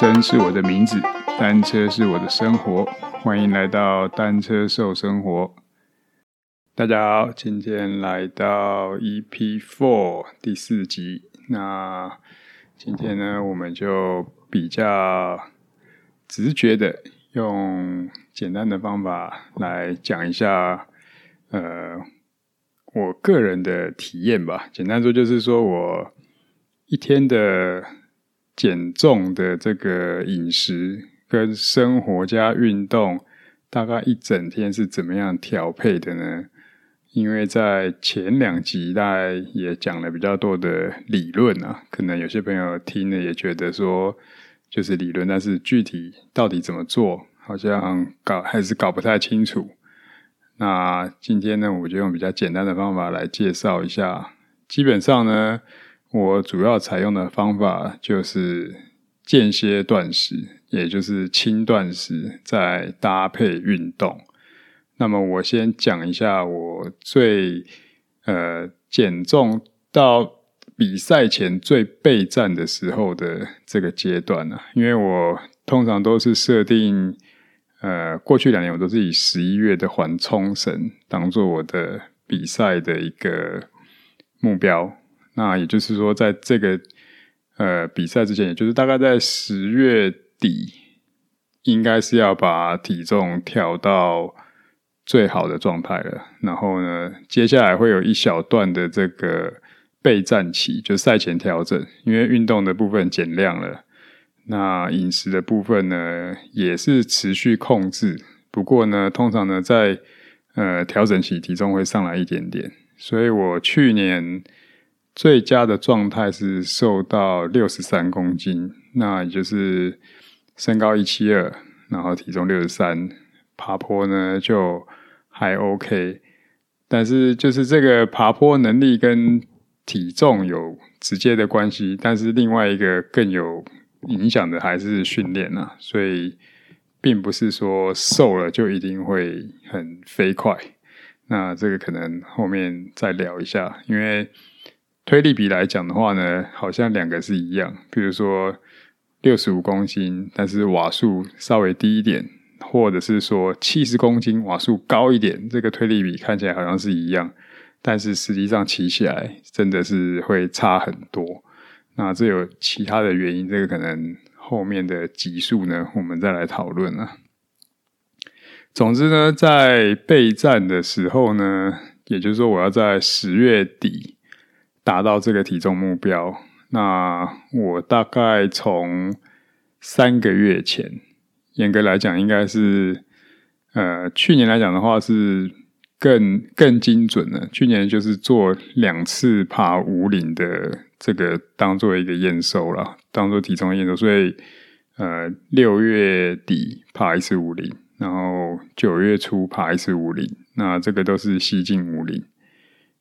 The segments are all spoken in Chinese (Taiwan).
生是我的名字，單車是我的生活。歡迎來到單車瘦生活。大家好，今天來到 EP Four 第四集。那今天呢，我們就比較直覺的用簡單的方法來講一下，呃，我個人的體驗吧。簡單說就是說我一天的。減重的這個飲食跟生活加運動，大概一整天是怎麼樣調配的呢？因為在前兩集大概也講了比較多的理論啊，可能有些朋友聽了也覺得說就是理論，但是具體到底怎麼做，好像搞還是搞不太清楚。那今天呢，我就用比較簡單的方法來介紹一下，基本上呢。我主要採用的方法就是間歇斷食，也就是輕斷食，再搭配運動。那麼，我先講一下我最呃減重到比賽前最備戰的時候的這個階段呢、啊，因為我通常都是設定，呃，過去兩年我都是以十一月的環沖繩當做我的比賽的一個目標。那也就是說，在這個呃比賽之前，也就是大概在十月底，應該是要把體重調到最好的狀態了。然後呢，接下來會有一小段的這個備戰期，就賽前調整，因為運動的部分減量了。那飲食的部分呢，也是持續控制。不過呢，通常呢，在呃調整期，體重會上來一點點。所以我去年，最佳的狀態是瘦到六十三公斤，那也就是身高一七二，然後體重六十三，爬坡呢就還 OK。但是就是這個爬坡能力跟體重有直接的關係，但是另外一個更有影響的還是訓練啦，所以並不是說瘦了就一定會很飛快。那這個可能後面再聊一下，因為。推力比來講的話呢，好像兩個是一樣，比如說六十五公斤，但是瓦數稍微低一點，或者是說七十公斤，瓦數高一點，這個推力比看起來好像是一樣，但是實際上騎起來真的是會差很多。那這有其他的原因，這個可能後面的級數呢，我們再來討論了。總之呢，在備戰的時候呢，也就是說我要在十月底。達到這個體重目標，那我大概從三個月前，嚴格來講，應該是呃去年來講的話是更更精準了，去年就是做兩次爬武嶺的這個當做一個驗收了，當做體重驗收。所以呃六月底爬一次武嶺，然後九月初爬一次武嶺，那這個都是西進武嶺。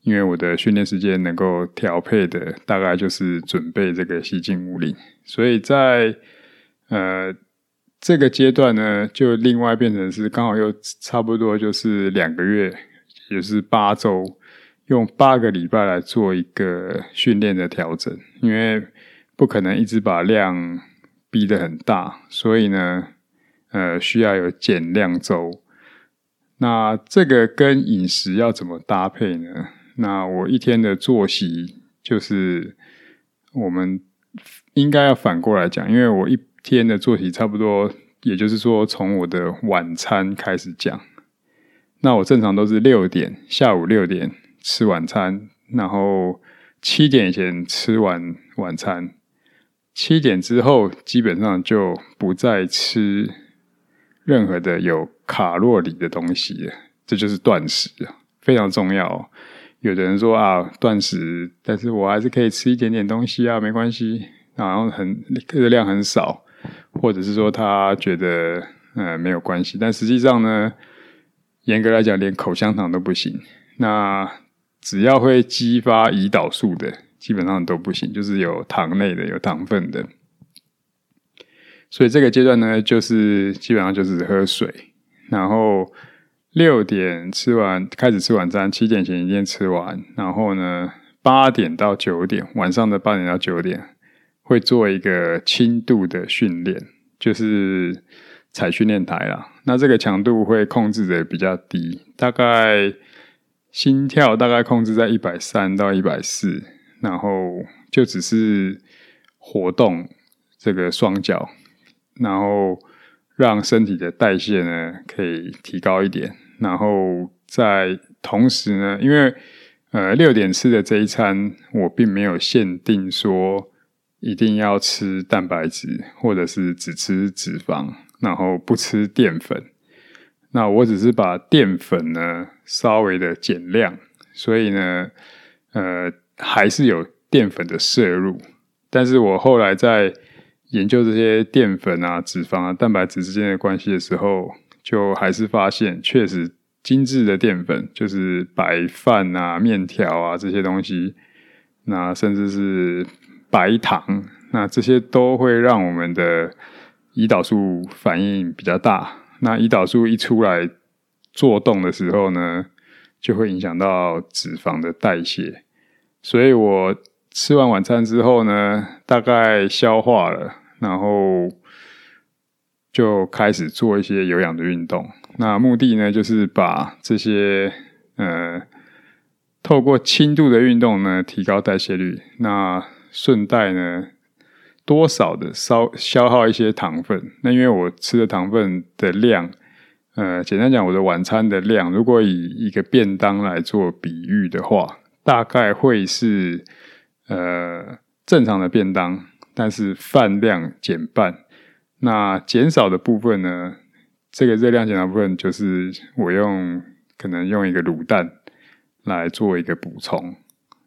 因為我的訓練時間能夠調配的，大概就是準備這個西進武嶺，所以在呃這個階段呢，就另外變成是剛好又差不多就是兩個月，也、就是八周，用八個禮拜來做一個訓練的調整。因為不可能一直把量逼得很大，所以呢，呃，需要有減量周。那這個跟飲食要怎麼搭配呢？那我一天的作息就是，我們應該要反過來講，因為我一天的作息差不多，也就是說從我的晚餐開始講。那我正常都是六點下午六點吃晚餐，然後七點前吃完晚餐，七點之後基本上就不再吃任何的有卡路里的東西，這就是斷食，非常重要哦。有的人說啊，斷食，但是我還是可以吃一點點東西啊，沒關係。然後很熱量很少，或者是說他覺得嗯、呃、沒有關係，但實際上呢，嚴格來講，連口香糖都不行。那只要會激發胰島素的，基本上都不行，就是有糖類的、有糖分的。所以這個階段呢，就是基本上就是喝水，然後。六點吃完，開始吃晚餐，七點前一定吃完。然後呢，八點到九點晚上的八點到九點會做一個輕度的訓練，就是踩訓練台啦。那這個強度會控制的比較低，大概心跳大概控制在一百三到一百四，然後就只是活動這個雙腳，然後讓身體的代謝呢可以提高一點。然後在同時呢，因為呃，六點吃的這一餐，我並沒有限定說一定要吃蛋白質，或者是只吃脂肪，然後不吃澱粉。那我只是把澱粉呢稍微的減量，所以呢呃還是有澱粉的攝入。但是我後來在研究這些澱粉啊、脂肪啊、蛋白質之間的關係的時候，就還是發現，確實精致的澱粉，就是白飯啊、麵條啊這些東西，那甚至是白糖，那這些都會讓我們的胰島素反應比較大。那胰島素一出來作動的時候呢，就會影響到脂肪的代謝。所以我吃完晚餐之後呢，大概消化了，然後。就開始做一些有氧的運動，那目的呢，就是把這些呃透過輕度的運動呢，提高代謝率，那順帶呢多少的消消耗一些糖分。那因為我吃的糖分的量，呃，簡單講，我的晚餐的量，如果以一個便當來做比喻的話，大概會是呃正常的便當，但是飯量減半。那減少的部分呢？這個熱量減少部分就是我用可能用一個滷蛋來做一個補充。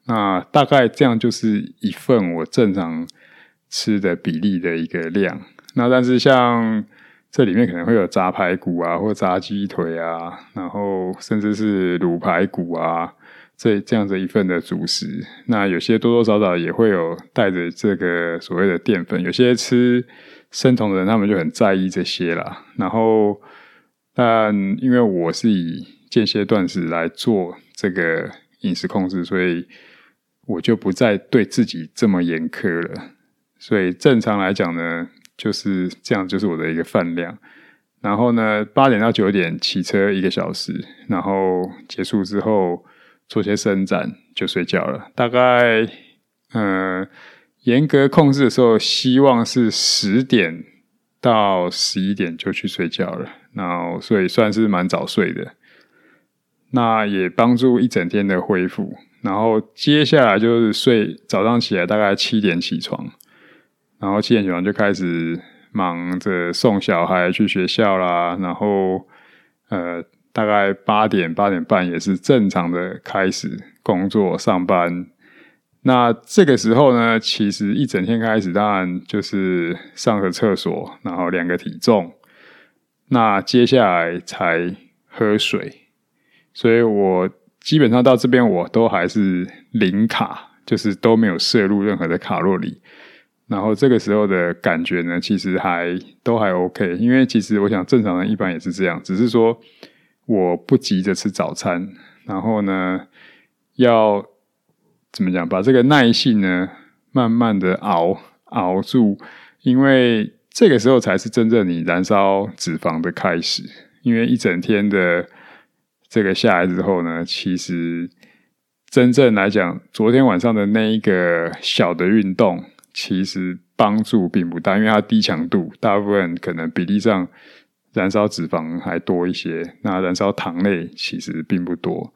那大概這樣就是一份我正常吃的比例的一個量。那但是像這裡面可能會有炸排骨啊，或炸雞腿啊，然後甚至是滷排骨啊，這這樣子一份的主食。那有些多多少少也會有帶着這個所謂的澱粉，有些吃生酮的人，他們就很在意這些啦。然後，但因為我是以間歇斷食來做這個飲食控制，所以我就不再對自己這麼嚴苛了。所以正常來講呢，就是這樣，就是我的一個飯量。然後呢，八點到九點騎車一個小時，然後結束之後做些伸展，就睡覺了。大概嗯。呃嚴格控制的時候，希望是十點到十一點就去睡覺了，然後所以算是蠻早睡的。那也幫助一整天的恢復。然後接下來就是睡，早上起來大概七點起床，然後七點起床就開始忙着送小孩去學校啦。然後呃，大概八點，八點半也是正常的開始工作上班。那這個時候呢，其實一整天開始，當然就是上個廁所，然後量個體重，那接下來才喝水。所以我基本上到這邊，我都還是零卡，就是都沒有攝入任何的卡路里。然後這個時候的感覺呢，其實還都還 OK，因為其實我想正常人一般也是這樣，只是說我不急着吃早餐，然後呢要。怎麼講？把這個耐性呢，慢慢的熬熬住，因為這個時候才是真正你燃燒脂肪的開始。因為一整天的這個下來之後呢，其實真正來講，昨天晚上的那一個小的運動，其實幫助並不大，因為它低強度，大部分可能比例上燃燒脂肪還多一些。那燃燒糖類其實並不多。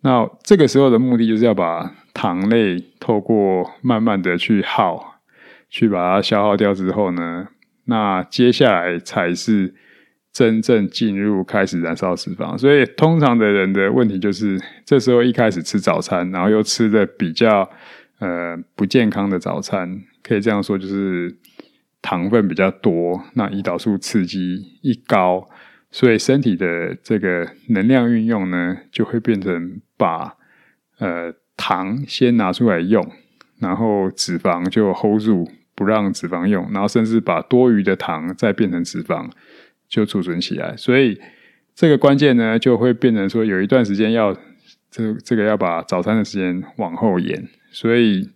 那這個時候的目的就是要把糖類透過慢慢的去耗，去把它消耗掉之後呢，那接下來才是真正進入開始燃燒脂肪。所以通常的人的問題就是，這時候一開始吃早餐，然後又吃的比較呃不健康的早餐，可以這樣說就是糖分比較多，那胰島素刺激一高，所以身體的這個能量運用呢，就會變成把呃。糖先拿出來用，然後脂肪就 hold 住，不讓脂肪用，然後甚至把多餘的糖再變成脂肪就儲存起來。所以這個關鍵呢，就會變成說，有一段時間要這這個要把早餐的時間往後延。所以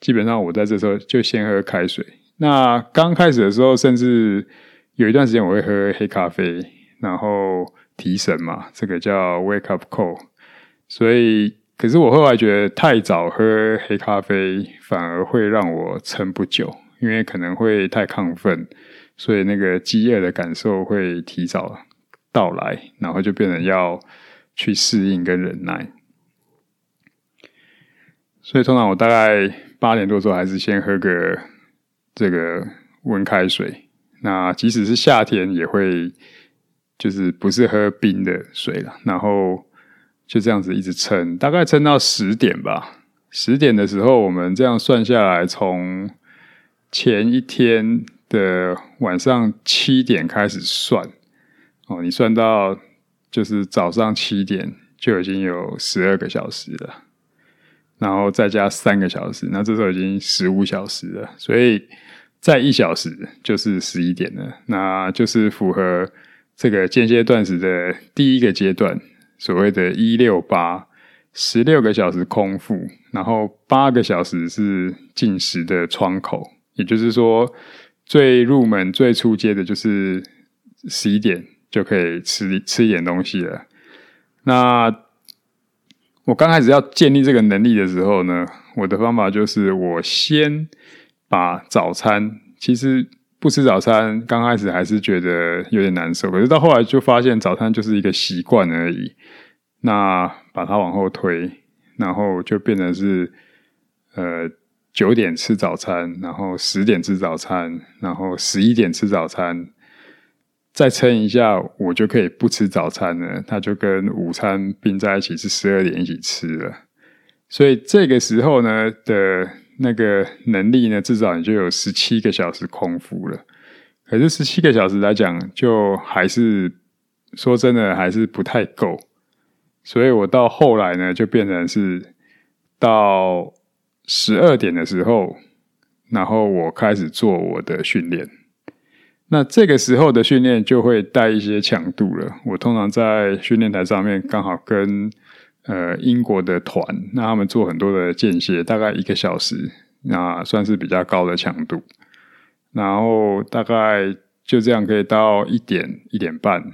基本上我在這時候就先喝開水。那剛開始的時候，甚至有一段時間我會喝黑咖啡，然後提神嘛，這個叫 wake up call。所以。可是我後來覺得太早喝黑咖啡反而會讓我撐不久，因為可能會太亢奮，所以那個飢餓的感受會提早到來，然後就變成要去適應跟忍耐。所以通常我大概八點多的時候，還是先喝個這個溫開水。那即使是夏天，也會就是不是喝冰的水了，然後。就這樣子一直撐，大概撐到十點吧。十點的時候，我們這樣算下來，從前一天的晚上七點開始算，哦，你算到就是早上七點，就已經有十二個小時了。然後再加三個小時，那這時候已經十五小時了。所以再一小時就是十一點了，那就是符合這個間歇斷食的第一個階段。所謂的一六八，十六個小時空腹，然後八個小時是進食的窗口。也就是說，最入門、最初階的就是十一點就可以吃吃一點東西了。那我剛開始要建立這個能力的時候呢，我的方法就是我先把早餐，其實不吃早餐剛開始還是覺得有點難受，可是到後來就發現早餐就是一個習慣而已。那把它往後推，然後就變成是，呃，九點吃早餐，然後十點吃早餐，然後十一點吃早餐，再撐一下，我就可以不吃早餐了。他就跟午餐併在一起是十二點一起吃了。所以這個時候呢，的那個能力呢，至少你就有十七個小時空腹了。可是十七個小時來講，就還是，說真的還是不太夠。所以我到後來呢，就變成是到十二點的時候，然後我開始做我的訓練。那這個時候的訓練就會帶一些強度了。我通常在訓練台上面，剛好跟呃英國的團，那他們做很多的間歇，大概一個小時，那算是比較高的強度。然後大概就這樣，可以到一點一點半，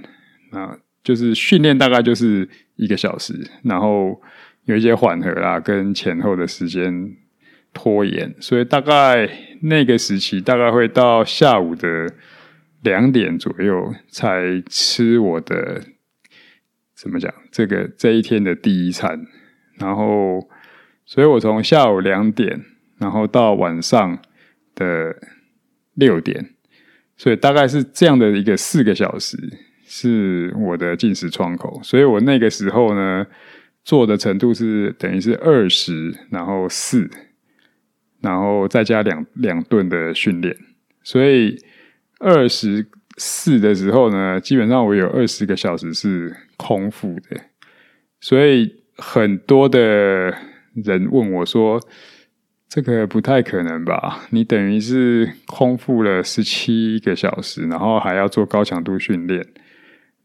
那就是訓練，大概就是，一個小時，然後有一些緩和啦，跟前後的時間拖延，所以大概那個時期大概會到下午的兩點左右才吃我的，怎麼講？這個這一天的第一餐，然後，所以我從下午兩點，然後到晚上的六點，所以大概是這樣的一個四個小時。是我的進食窗口，所以我那個時候呢，做的程度是等於是二十，然後四，然後再加兩兩頓的訓練，所以二十四的時候呢，基本上我有二十個小時是空腹的，所以很多的人問我說，這個不太可能吧？你等於是空腹了十七個小時，然後還要做高強度訓練。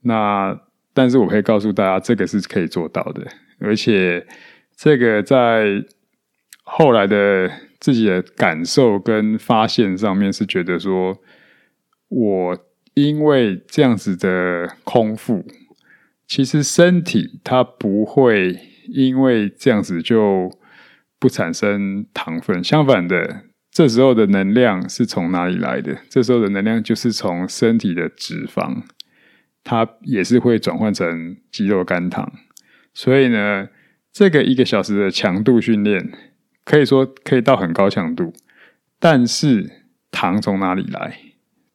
那，但是我可以告訴大家，這個是可以做到的，而且這個在後來的自己的感受跟發現上面是覺得說，我因為這樣子的空腹，其實身體它不會因為這樣子就不產生糖分，相反的，這時候的能量是從哪裡來的？這時候的能量就是從身體的脂肪。它也是會轉換成肌肉肝糖，所以呢，這個一個小時的強度訓練可以說可以到很高強度，但是糖從哪裡來？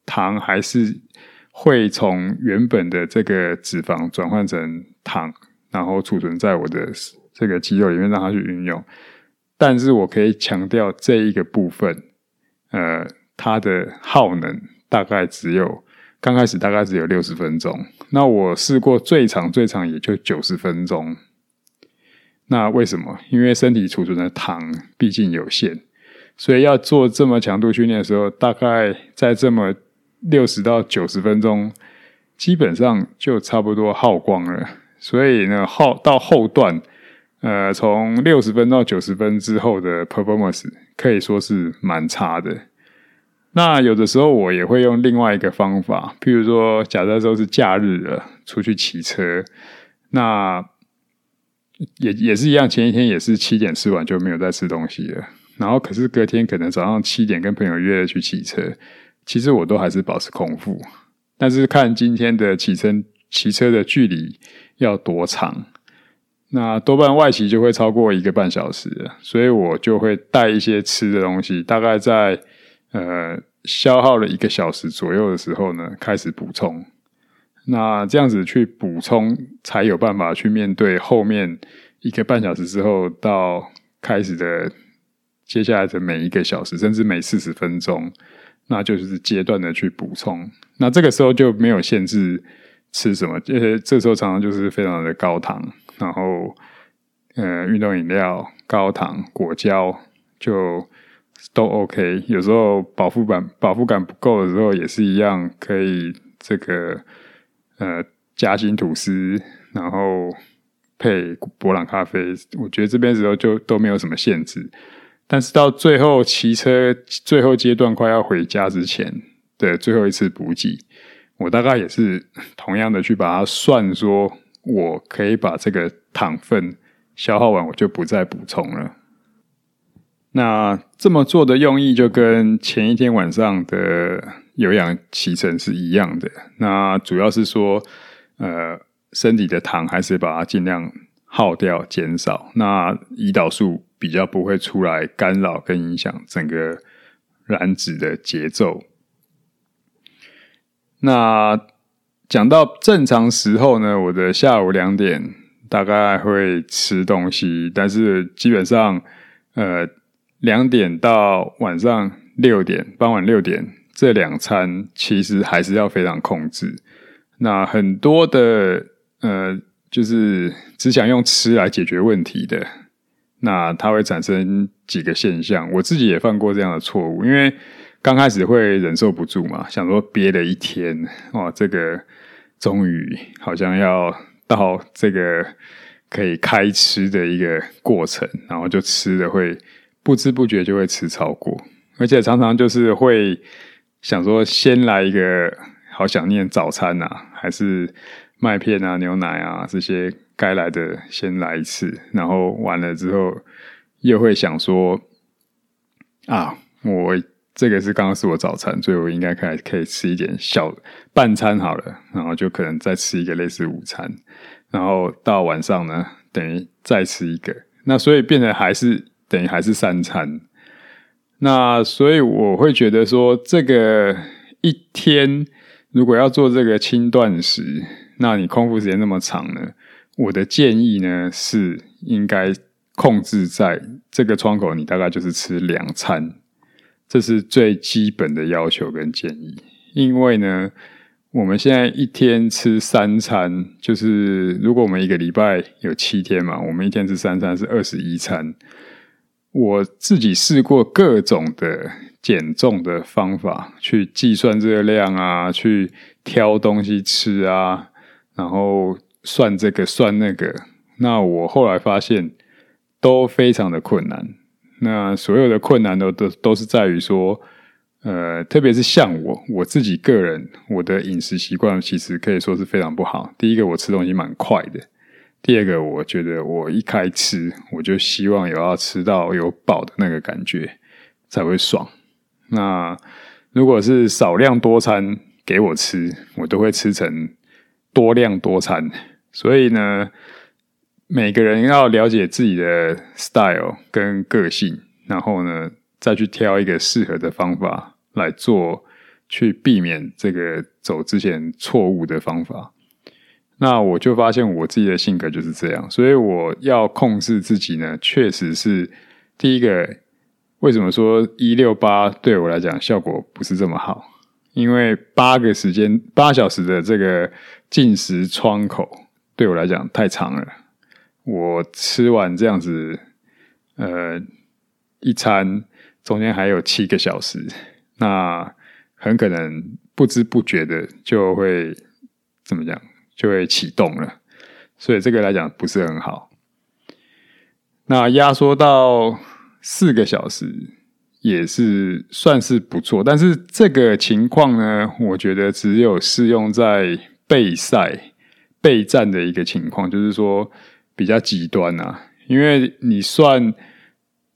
糖還是會從原本的這個脂肪轉換成糖，然後儲存在我的這個肌肉裡面，讓它去運用。但是我可以強調這一個部分，呃，它的耗能大概只有。剛開始大概只有六十分鐘，那我試過最長最長也就九十分鐘。那為什麼？因為身體儲存的糖畢竟有限，所以要做這麼強度訓練的時候，大概在這麼六十到九十分鐘，基本上就差不多耗光了。所以呢，耗到後段，呃，從六十分到九十分之後的 performance 可以說是蠻差的。那有的時候我也會用另外一個方法，譬如說，假設說是假日了，出去騎車，那也也是一樣，前一天也是七點吃完就沒有再吃東西了。然後可是隔天可能早上七點跟朋友約了去騎車，其實我都還是保持空腹，但是看今天的騎車騎車的距離要多長，那多半外騎就會超過一個半小時，所以我就會帶一些吃的東西，大概在呃。消耗了一個小時左右的時候呢，開始補充。那這樣子去補充，才有辦法去面對後面一個半小時之後到開始的接下來的每一個小時，甚至每四十分鐘，那就是階段的去補充。那這個時候就沒有限制吃什麼，因為這時候常常就是非常的高糖，然後呃，運動飲料、高糖果膠就。都 OK，有時候飽腹感飽腹感不夠的時候，也是一樣可以這個呃夾心吐司，然後配博朗咖啡。我覺得這邊時候就都沒有什麼限制，但是到最後騎車最後階段快要回家之前的最後一次補給，我大概也是同樣的去把它算說，說我可以把這個糖分消耗完，我就不再補充了。那這麼做的用意就跟前一天晚上的有氧騎乘是一樣的。那主要是說，呃，身體的糖還是把它儘量耗掉，減少。那胰島素比較不會出來干擾跟影響整個燃脂的節奏。那講到正常時候呢，我的下午兩點大概會吃東西，但是基本上，呃，兩點到晚上六點，傍晚六點，這兩餐其實還是要非常控制。那很多的呃，就是只想用吃來解決問題的，那它會產生幾個現象。我自己也犯過這樣的錯誤，因為剛開始會忍受不住嘛，想說，憋了一天，哇，這個終於好像要到這個可以開吃的一個過程，然後就吃的會。不知不覺就會吃超過，而且常常就是會想說，先來一個好想念早餐啊，還是麥片啊、牛奶啊這些該來的先來一次，然後完了之後又會想說，啊，我這個是剛剛是我早餐，所以我應該可以可以吃一點小半餐好了，然後就可能再吃一個類似午餐，然後到晚上呢等於再吃一個，那所以變得還是。等於還是三餐，那所以我會覺得說，這個一天如果要做這個輕斷食，那你空腹時間那麼長呢？我的建議呢是應該控制在這個窗口，你大概就是吃兩餐，這是最基本的要求跟建議。因為呢，我們現在一天吃三餐，就是如果我們一個禮拜有七天嘛，我們一天吃三餐是二十一餐。我自己試過各種的減重的方法，去計算熱量啊，去挑東西吃啊，然後算這個算那個。那我後來發現都非常的困難。那所有的困難都都都是在於說，呃，特別是像我我自己個人，我的飲食習慣其實可以說是非常不好。第一個，我吃東西蠻快的。第二個，我覺得我一開吃，我就希望有要吃到有飽的那個感覺才會爽。那如果是少量多餐給我吃，我都會吃成多量多餐。所以呢，每個人要了解自己的 style 跟個性，然後呢再去挑一個適合的方法來做，去避免這個走之前錯誤的方法。那我就發現我自己的性格就是這樣，所以我要控制自己呢，確實是第一個。為什麼說一六八對我來講效果不是這麼好？因為八個時間八小時的這個進食窗口對我來講太長了。我吃完這樣子，呃，一餐中間還有七個小時，那很可能不知不覺的就會怎麼樣？就會啟動了，所以這個來講不是很好。那壓縮到四個小時也是算是不錯，但是這個情況呢，我覺得只有適用在備賽、備戰的一個情況，就是說比較極端啊，因為你算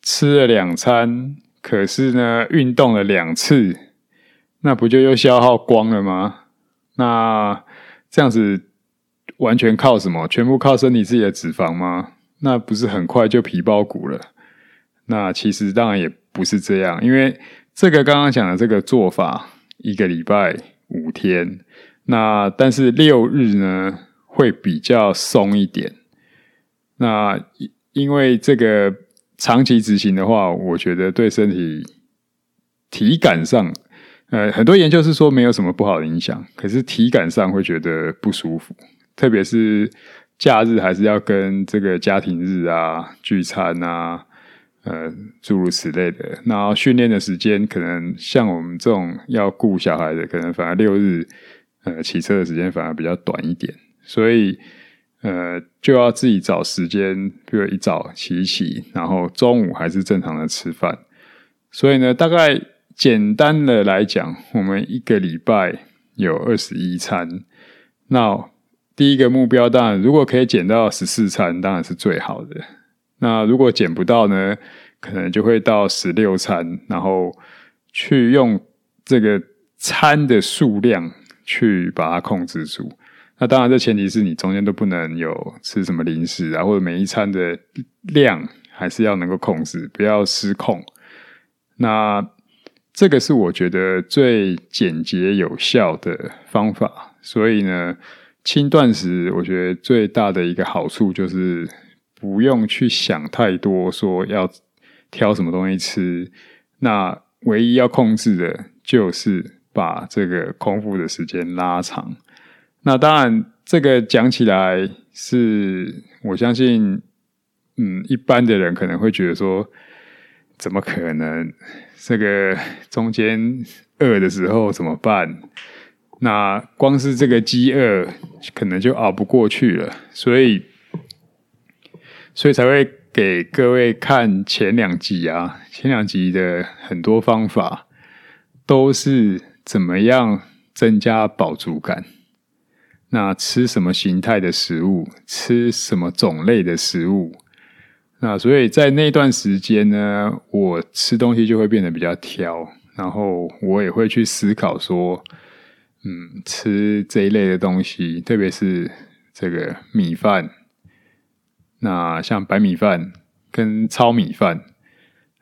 吃了兩餐，可是呢，運動了兩次，那不就又消耗光了嗎？那這樣子。完全靠什麼？全部靠身體自己的脂肪嗎？那不是很快就皮包骨了？那其實當然也不是這樣，因為這個剛剛講的這個做法，一個禮拜五天，那但是六日呢，會比較鬆一點。那因為這個長期執行的話，我覺得對身體體感上，呃，很多研究是說沒有什麼不好的影響，可是體感上會覺得不舒服。特別是假日還是要跟這個家庭日啊、聚餐啊，呃，諸如此類的。那訓練的時間可能像我們這種要顧小孩的，可能反而六日，呃，騎車的時間反而比較短一點。所以，呃，就要自己找時間，比如一早騎一騎，然後中午還是正常的吃飯。所以呢，大概簡單的來講，我們一個禮拜有二十一餐。那第一個目標，當然如果可以減到十四餐，當然是最好的。那如果減不到呢，可能就會到十六餐，然後去用這個餐的數量去把它控制住。那當然，這前提是你中間都不能有吃什麼零食啊，或者每一餐的量還是要能夠控制，不要失控。那這個是我覺得最簡潔有效的方法。所以呢。輕斷食，我覺得最大的一個好處就是不用去想太多，說要挑什麼東西吃。那唯一要控制的就是把這個空腹的時間拉長。那當然，這個講起來是我相信，嗯，一般的人可能會覺得說，怎麼可能？這個中間餓的時候怎麼辦？那光是這個飢餓，可能就熬不過去了，所以，所以才會給各位看前兩集啊，前兩集的很多方法都是怎麼樣增加飽足感。那吃什麼形態的食物，吃什麼種類的食物？那所以在那段時間呢，我吃東西就會變得比較挑，然後我也會去思考說，嗯，吃這一類的東西，特別是這個米飯，那像白米飯跟糙米飯，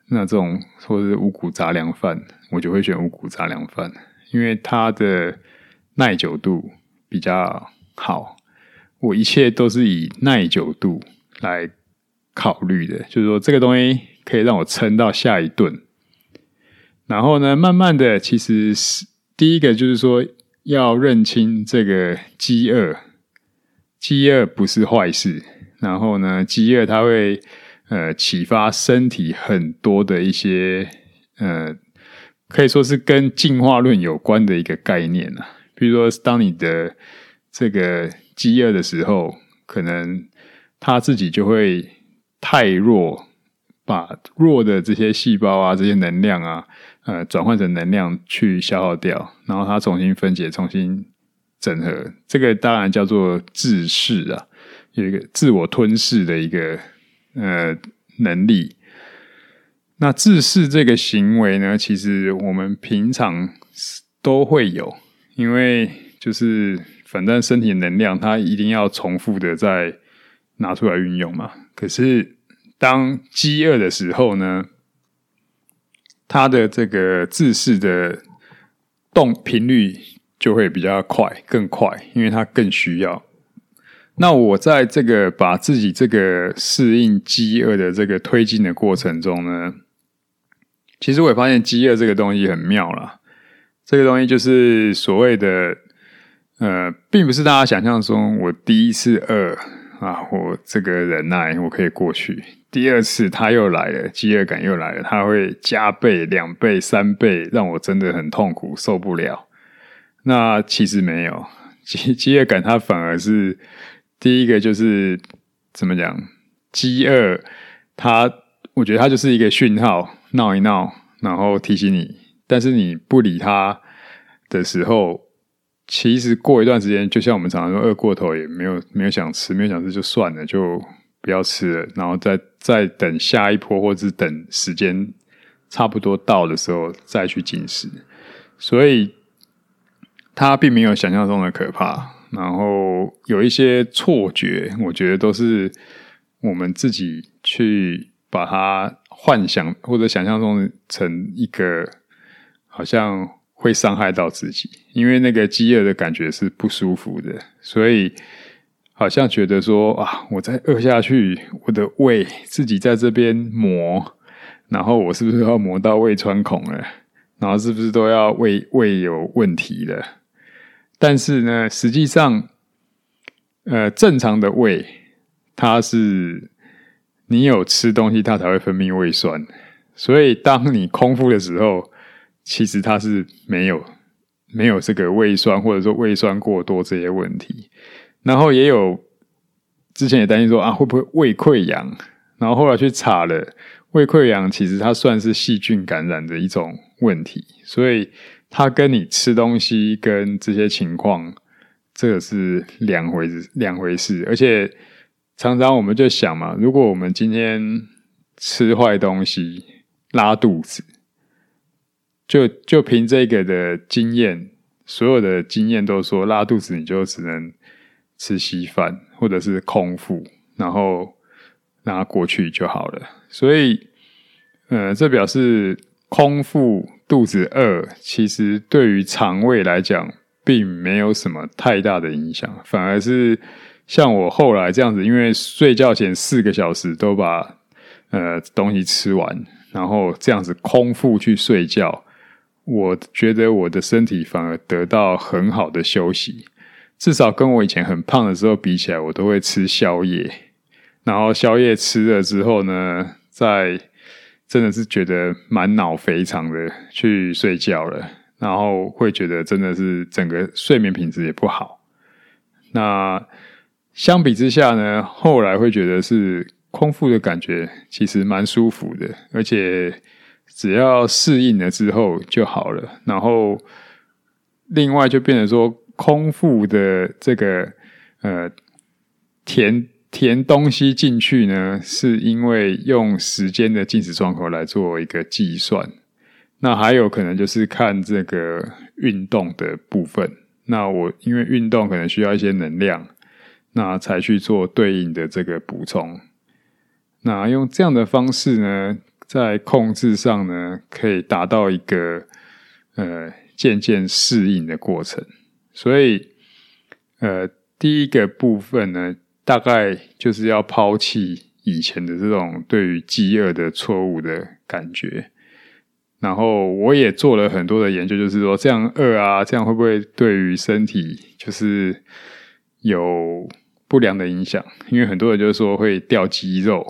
那這種或者是五穀雜糧飯，我就會選五穀雜糧飯，因為它的耐久度比較好。我一切都是以耐久度來考慮的，就是說這個東西可以讓我撐到下一頓。然後呢，慢慢的，其實是第一個就是說。要認清這個飢餓，飢餓不是壞事。然後呢，飢餓它會呃啟發身體很多的一些呃，可以說是跟進化論有關的一個概念吶、啊。比如說，當你的這個飢餓的時候，可能它自己就會太弱，把弱的這些細胞啊，這些能量啊。呃，轉換成能量去消耗掉，然後它重新分解、重新整合，這個當然叫做自噬啊，有一個自我吞噬的一個呃能力。那自噬這個行為呢，其實我們平常都會有，因為就是反正身體能量它一定要重複的再拿出來運用嘛。可是當饑餓的時候呢，它的這個自噬的動頻率就會比較快，更快，因為它更需要。那我在這個把自己這個適應飢餓的這個推進的過程中呢，其實我也發現飢餓這個東西很妙啦，這個東西就是所謂的，呃，並不是大家想象中，我第一次餓，啊，我這個忍耐我可以過去。第二次他又來了，飢餓感又來了，他會加倍兩倍三倍，讓我真的很痛苦受不了。那其實沒有飢飢餓感，它反而是第一個就是怎麼講，飢餓它，我覺得它就是一個訊號，鬧一鬧，然後提醒你。但是你不理它的時候，其實過一段時間，就像我們常說餓過頭也沒有沒有想吃，沒有想吃就算了，就不要吃了，然後再。再等下一波，或者是等時間差不多到的時候再去進食，所以它並沒有想象中的可怕。然後有一些錯覺，我覺得都是我們自己去把它幻想或者想象中成一個好像會傷害到自己，因為那個飢餓的感覺是不舒服的，所以。好像覺得說啊，我再餓下去，我的胃自己在這邊磨，然後我是不是要磨到胃穿孔了？然後是不是都要胃胃有問題了？但是呢，實際上，呃，正常的胃，它是你有吃東西，它才會分泌胃酸。所以，當你空腹的時候，其實它是沒有沒有這個胃酸，或者說胃酸過多這些問題。然後也有之前也擔心說，啊，會不會胃潰瘍？然後後來去查了胃潰瘍，其實它算是細菌感染的一種問題，所以它跟你吃東西跟這些情況，這個是兩回，兩回事。而且常常我們就想嘛，如果我們今天吃壞東西拉肚子，就就憑這個的經驗，所有的經驗都說拉肚子你就只能。吃稀飯，或者是空腹，然後拿過去就好了。所以，呃，這表示空腹、肚子餓，其實對於腸胃來講，並沒有什麼太大的影響。反而是像我後來這樣子，因為睡覺前四個小時都把呃東西吃完，然後這樣子空腹去睡覺，我覺得我的身體反而得到很好的休息。至少跟我以前很胖的時候比起來，我都會吃宵夜，然後宵夜吃了之後呢，在真的是覺得滿腦肥腸的去睡覺了，然後會覺得真的是整個睡眠品質也不好。那相比之下呢，後來會覺得是空腹的感覺其實蠻舒服的，而且只要適應了之後就好了。然後另外就變成說。空腹的這個呃填填東西進去呢，是因為用時間的進食窗口來做一個計算。那還有可能就是看這個運動的部分。那我因為運動可能需要一些能量，那才去做對應的這個補充。那用這樣的方式呢，在控制上呢，可以達到一個呃漸漸適應的過程。所以，呃，第一個部分呢，大概就是要拋棄以前的這種對於飢餓的錯誤的感覺。然後我也做了很多的研究，就是說這樣餓啊，這樣會不會對於身體就是有不良的影響？因為很多人就是說會掉肌肉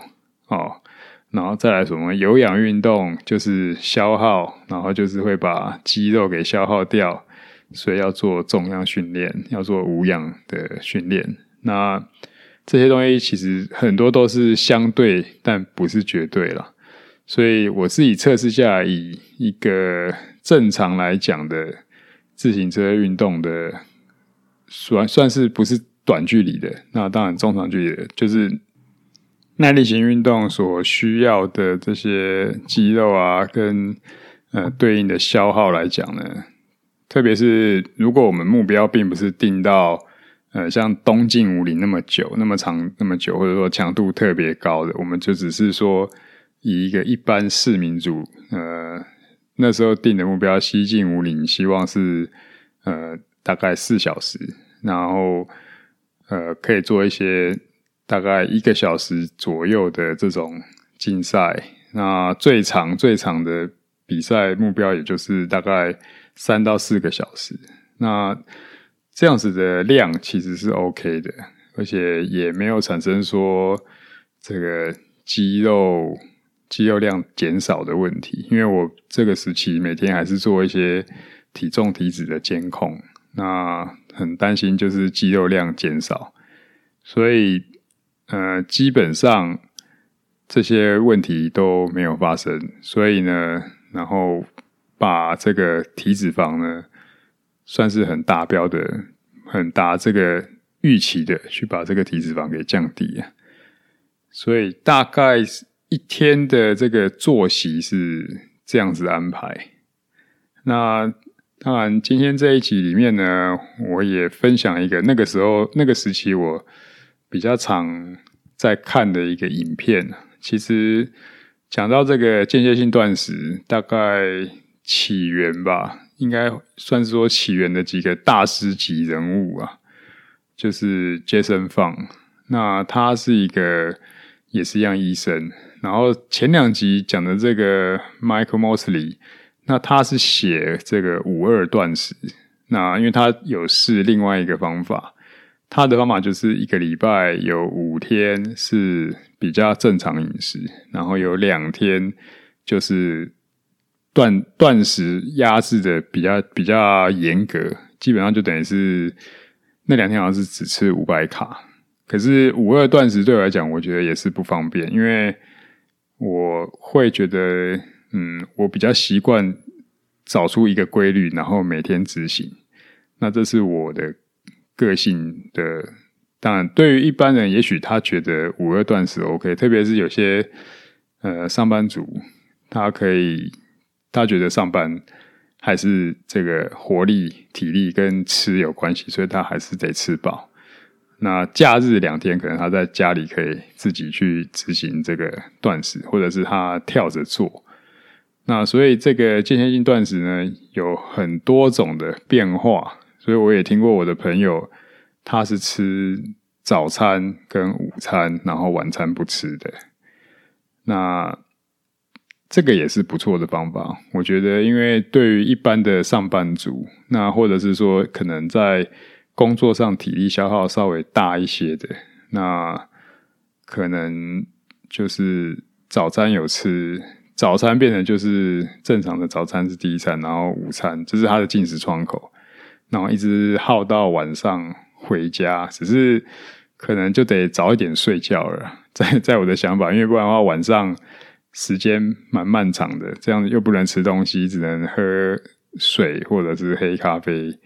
哦，然後再來什麼有氧運動就是消耗，然後就是會把肌肉給消耗掉。所以要做重量訓練，要做無氧的訓練。那這些東西其實很多都是相對，但不是絕對啦。所以我自己測試下來，以一個正常來講的自行車運動的，算算是不是短距離的？那當然中長距離的，就是耐力型運動所需要的這些肌肉啊，跟呃對應的消耗來講呢，特別是如果我們目標並不是定到呃像東進武嶺那麼久那麼長那麼久，或者說強度特別高的，我們就只是說以一個一般市民組呃那時候定的目標，西進武嶺希望是呃大概四小時，然後呃可以做一些大概一個小時左右的這種競賽，那最長最長的比賽目標也就是大概。三到四個小時，那這樣子的量其實是 OK 的，而且也沒有產生說這個肌肉肌肉量減少的問題，因為我這個時期每天還是做一些體重體脂的監控，那很擔心就是肌肉量減少，所以呃基本上這些問題都沒有發生，所以呢，然後。把這個體脂肪呢，算是很達標的，很達這個預期的，去把這個體脂肪給降低。所以大概一天的這個作息是這樣子安排。那當然，今天這一集裡面呢，我也分享一個那個時候那個時期我比較常在看的一個影片。其實講到這個間歇性斷食，大概。起源吧，應該算是說起源的幾個大師級人物啊，就是 Jason Fung，那他是一個也是一樣醫生。然後前兩集講的這個 Michael Mosley，那他是寫這個五二斷食，那因為他有試另外一個方法，他的方法就是一個禮拜有五天是比較正常飲食，然後有兩天就是。斷斷食壓制的比較比較嚴格，基本上就等於是那兩天好像是只吃五百卡。可是五二斷食對我來講，我覺得也是不方便，因為我會覺得，嗯，我比較習慣找出一個規律，然後每天執行。那這是我的個性的。當然，對於一般人，也許他覺得五二斷食 OK，特別是有些呃上班族，他可以。他覺得上班還是這個活力、體力跟吃有關係，所以他還是得吃飽。那假日兩天，可能他在家裡可以自己去執行這個斷食，或者是他跳着做。那所以這個間歇性斷食呢，有很多種的變化。所以我也聽過我的朋友，他是吃早餐跟午餐，然後晚餐不吃的。那。這個也是不錯的方法，我覺得，因為對於一般的上班族，那或者是說，可能在工作上體力消耗稍微大一些的，那可能就是早餐有吃，早餐變成就是正常的早餐是第一餐，然後午餐這、就是他的進食窗口，然後一直耗到晚上回家，只是可能就得早一點睡覺了，在在我的想法，因為不然的話晚上。時間蠻漫長的，這樣又不能吃東西，只能喝水或者是黑咖啡，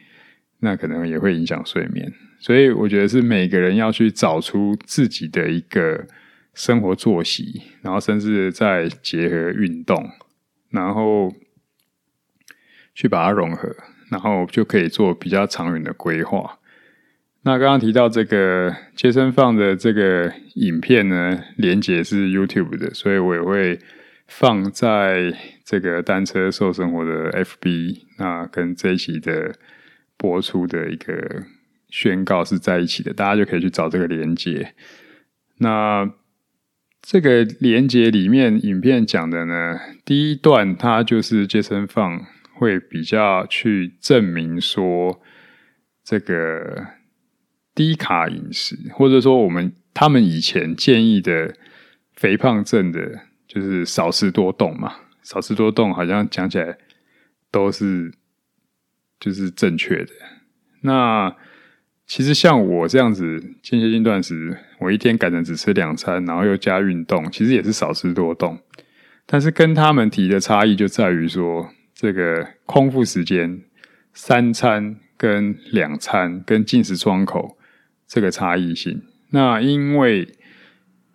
那可能也會影響睡眠。所以我覺得是每個人要去找出自己的一個生活作息，然後甚至再結合運動，然後去把它融合，然後就可以做比較長遠的規劃。那剛剛提到這個 Jason Fung 的這個影片呢，連結是 YouTube 的，所以我也會放在這個單車瘦生活的 FB。那跟這一期的播出的一個宣告是在一起的，大家就可以去找這個連結。那這個連結裡面影片講的呢，第一段它就是 Jason Fung 會比較去證明說這個。低卡飲食，或者說我們他們以前建議的肥胖症的，就是少吃多動嘛。少吃多動好像講起來都是就是正確的。那其實像我這樣子間歇性斷食，我一天改成只吃兩餐，然後又加運動，其實也是少吃多動。但是跟他們提的差異就在於說，這個空腹時間，三餐跟兩餐跟進食窗口。這個差異性，那因為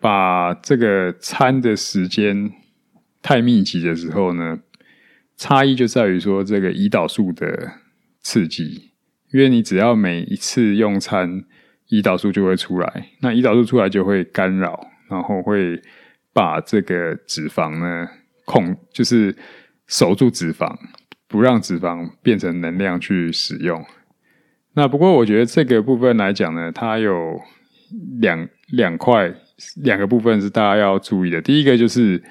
把這個餐的時間太密集的時候呢，差異就在於說，這個胰島素的刺激，因為你只要每一次用餐，胰島素就會出來，那胰島素出來就會干擾，然後會把這個脂肪呢，控，就是守住脂肪，不讓脂肪變成能量去使用。那不過我覺得這個部分來講呢，它有兩兩塊兩個部分是大家要注意的。第一個就是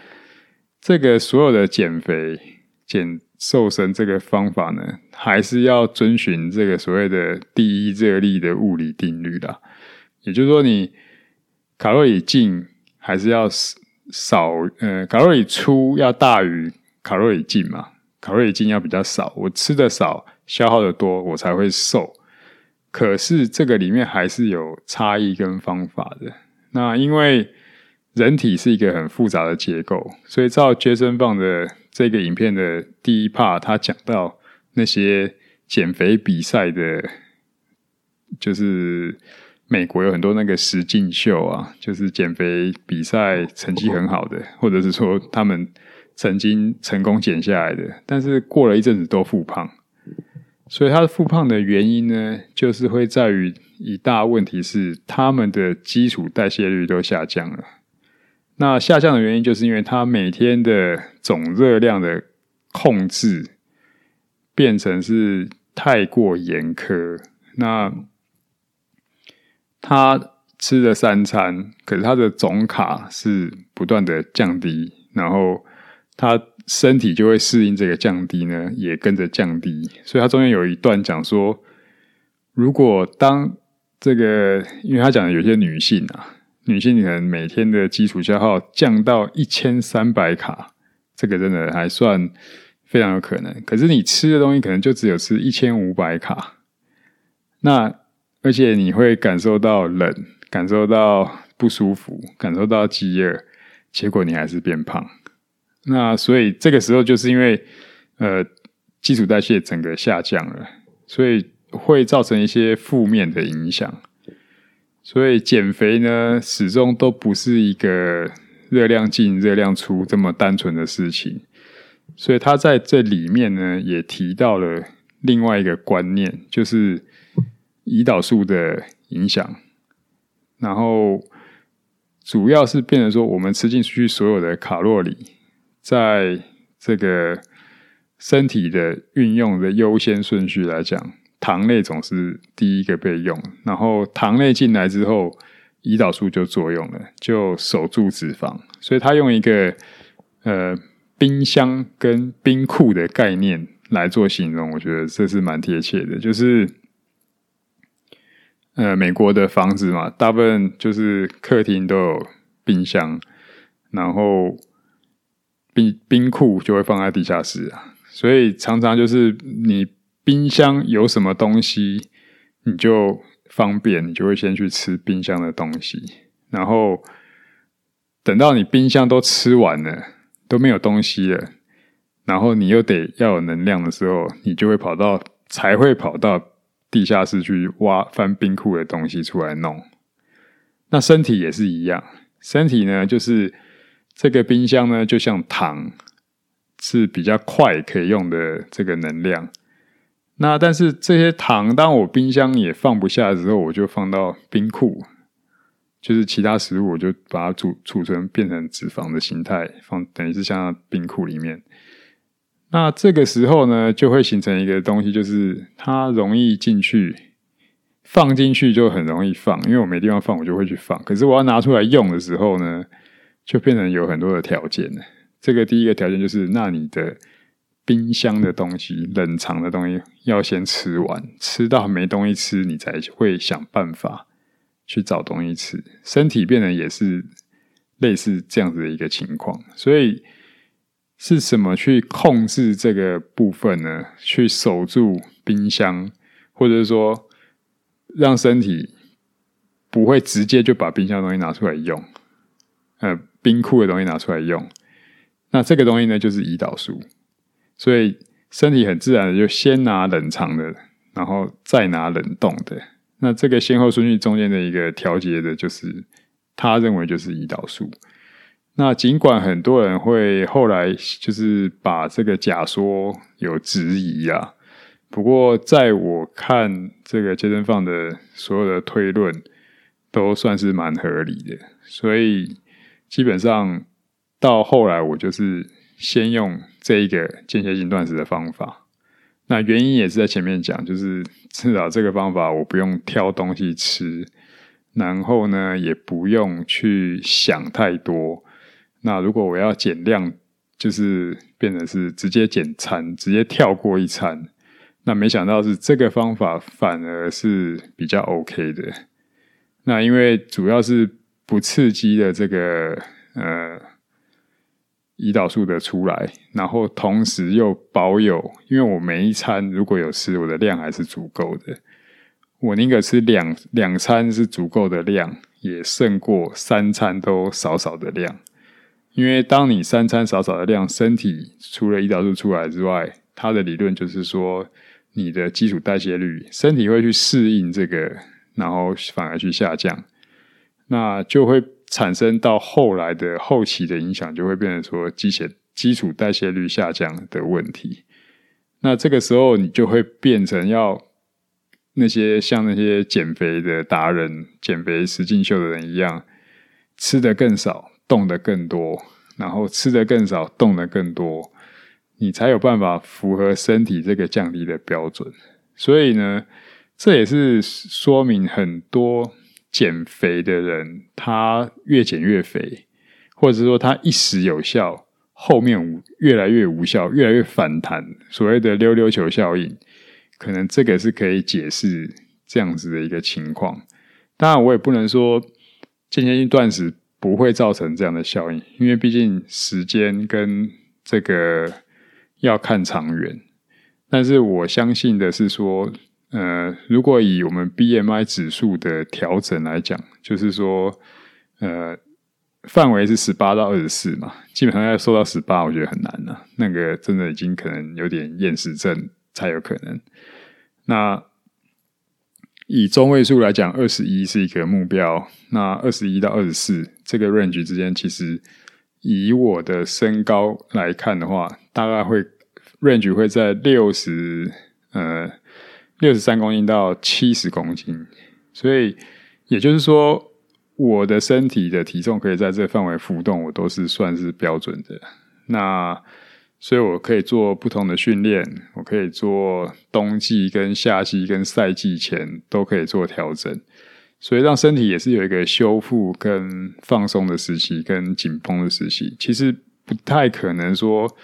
這個所有的減肥減瘦身這個方法呢，還是要遵循這個所謂的第一熱力的物理定律啦，也就是說，你卡路里進還是要少，呃，卡路里出要大於卡路里進嘛，卡路里進要比較少，我吃的少，消耗的多，我才會瘦。可是這個裡面還是有差異跟方法的。那因為人體是一個很複雜的結構，所以照 Jason Fung 的這個影片的第一 part，他講到那些減肥比賽的，就是美國有很多那個實境秀啊，就是減肥比賽成績很好的，或者是說他們曾經成功減下來的，但是過了一陣子都復胖。所以，他的復胖的原因呢，就是會在於一大問題是，他們的基礎代謝率都下降了。那下降的原因，就是因為他每天的總熱量的控制變成是太過嚴苛。那他吃了三餐，可是他的總卡是不斷的降低，然後他，身體就會適應這個降低呢，也跟着降低。所以他中間有一段講說，如果當這個，因為他講的有些女性啊，女性可能每天的基礎消耗降到一千三百卡，這個真的還算非常有可能。可是你吃的東西可能就只有吃一千五百卡。那而且你會感受到冷，感受到不舒服，感受到飢餓，結果你還是變胖。那所以這個時候就是因為，呃，基礎代謝整個下降了，所以會造成一些負面的影響。所以減肥呢，始終都不是一個熱量進熱量出這麼單純的事情。所以他在這裡面呢，也提到了另外一個觀念，就是胰島素的影響。然後主要是變成說，我們吃進去所有的卡路里。在這個身體的運用的優先順序來講，糖類總是第一個被用。然後糖類進來之後，胰島素就作用了，就守住脂肪。所以他用一個呃冰箱跟冰庫的概念來做形容，我覺得這是蠻貼切的。就是呃，美國的房子嘛，大部分就是客廳都有冰箱，然後。冰庫就會放在地下室啊，所以常常就是你冰箱有什麼東西，你就方便，你就會先去吃冰箱的東西。然後等到你冰箱都吃完了，都沒有東西了，然後你又得要有能量的時候，你就會跑到，才會跑到地下室去挖翻冰庫的東西出來弄。那身體也是一樣，身體呢就是。這個冰箱呢，就像糖，是比較快可以用的這個能量。那但是這些糖，當我冰箱也放不下的時候，我就放到冰庫，就是其他食物，我就把它儲儲存變成脂肪的形態，放等於是像冰庫裡面。那這個時候呢，就會形成一個東西，就是它容易進去，放進去就很容易放，因為我沒地方放，我就會去放。可是我要拿出來用的時候呢？就變成有很多的條件了。這個第一個條件就是，那你的冰箱的東西、冷藏的東西要先吃完，吃到沒東西吃，你才會想辦法去找東西吃。身體變成也是類似這樣子的一個情況。所以，是什麼去控制這個部分呢？去守住冰箱，或者是說讓身體不會直接就把冰箱的東西拿出來用，呃冰庫的東西拿出來用，那這個東西呢，就是胰島素，所以身體很自然的就先拿冷藏的，然後再拿冷凍的。那這個先後順序中間的一個調節的，就是他認為就是胰島素。那儘管很多人會後來就是把這個假說有質疑啊，不過在我看這個傑森·馮的所有的推論都算是蠻合理的，所以。基本上到後來，我就是先用這一個間歇性斷食的方法。那原因也是在前面講，就是至少這個方法我不用挑東西吃，然後呢也不用去想太多。那如果我要減量，就是變成是直接減餐，直接跳過一餐。那沒想到是這個方法反而是比較 OK 的。那因為主要是。不刺激的這個呃胰島素的出來，然後同時又保有，因為我每一餐如果有吃，我的量還是足夠的。我寧可吃兩兩餐是足夠的量，也勝過三餐都少少的量。因為當你三餐少少的量，身體除了胰島素出來之外，它的理論就是說，你的基礎代謝率身體會去適應這個，然後反而去下降。那就會產生到後來的後期的影響，就會變成說基礎基礎代謝率下降的問題。那這個時候你就會變成要那些像那些減肥的達人、減肥實境秀的人一樣，吃得更少，動得更多，然後吃得更少，動得更多，你才有辦法符合身體這個降低的標準。所以呢，這也是說明很多。減肥的人，他越減越肥，或者是說他一時有效，後面越來越無效，越來越反彈，所謂的溜溜球效應，可能這個是可以解釋這樣子的一個情況。當然，我也不能說間歇性斷食不會造成這樣的效應，因為畢竟時間跟這個要看長遠。但是我相信的是說。呃，如果以我們 BMI 指數的調整來講，就是說，呃，範圍是十八到二十四嘛，基本上要瘦到十八，我覺得很難了啊。那個真的已經可能有點厭食症才有可能。那以中位數來講，二十一是一個目標。那二十一到二十四這個 range 之間，其實以我的身高來看的話，大概會 range 會在六十呃。六十三公斤到七十公斤，所以也就是說，我的身體的體重可以在這範圍浮動，我都是算是標準的。那所以，我可以做不同的訓練，我可以做冬季、跟夏季、跟賽季前都可以做調整，所以讓身體也是有一個修復跟放鬆的時期，跟緊繃的時期。其實不太可能說，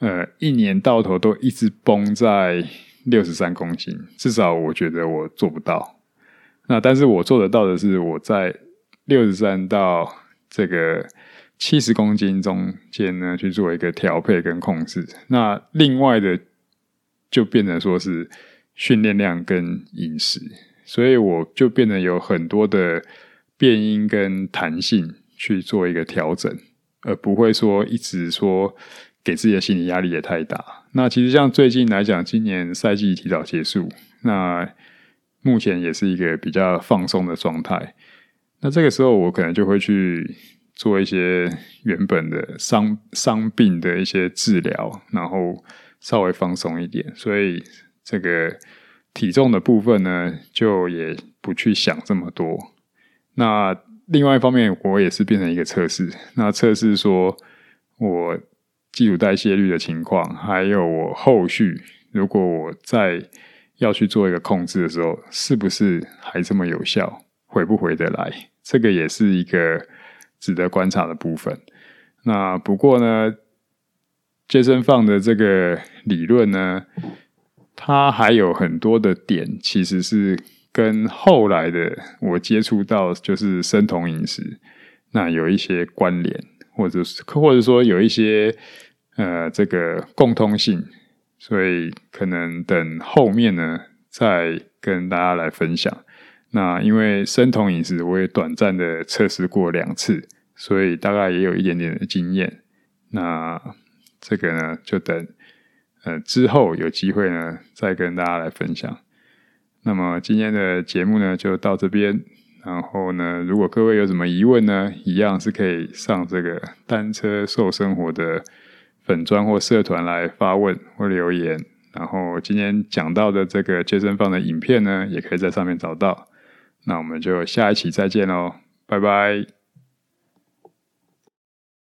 呃，一年到頭都一直繃在六十三公斤，至少我覺得我做不到。那但是我做得到的是，我在六十三到這個七十公斤中間呢，去做一個調配跟控制。那另外的就變成說是訓練量跟飲食，所以我就變得有很多的變因跟彈性去做一個調整，而不會說一直說給自己的心理壓力也太大。那其實像最近來講，今年賽季提早結束，那目前也是一個比較放鬆的狀態。那這個時候我可能就會去做一些原本的傷傷病的一些治療，然後稍微放鬆一點。所以這個體重的部分呢，就也不去想這麼多。那另外一方面，我也是變成一個測試，那測試說我。基礎代謝率的情況，還有我後續如果我在要去做一個控製的時候，是不是還這麼有效，回不回得來？這個也是一個值得觀察的部分。那不過呢，Jason Fung 的這個理論呢，它還有很多的點，其實是跟後來的我接觸到就是生酮飲食，那有一些關聯，或者是或者說有一些。呃，這個共通性，所以可能等後面呢，再跟大家來分享。那因為生酮飲食，我也短暫的測試過兩次，所以大概也有一點點的經驗。那這個呢，就等呃之後有機會呢，再跟大家來分享。那麼今天的節目呢，就到這邊。然後呢，如果各位有什麼疑問呢，一樣是可以上這個單車瘦生活的，粉專或社團來發問或留言，然後今天講到的這個健身放的影片呢，也可以在上面找到。那我們就下一期再見嘍，拜拜。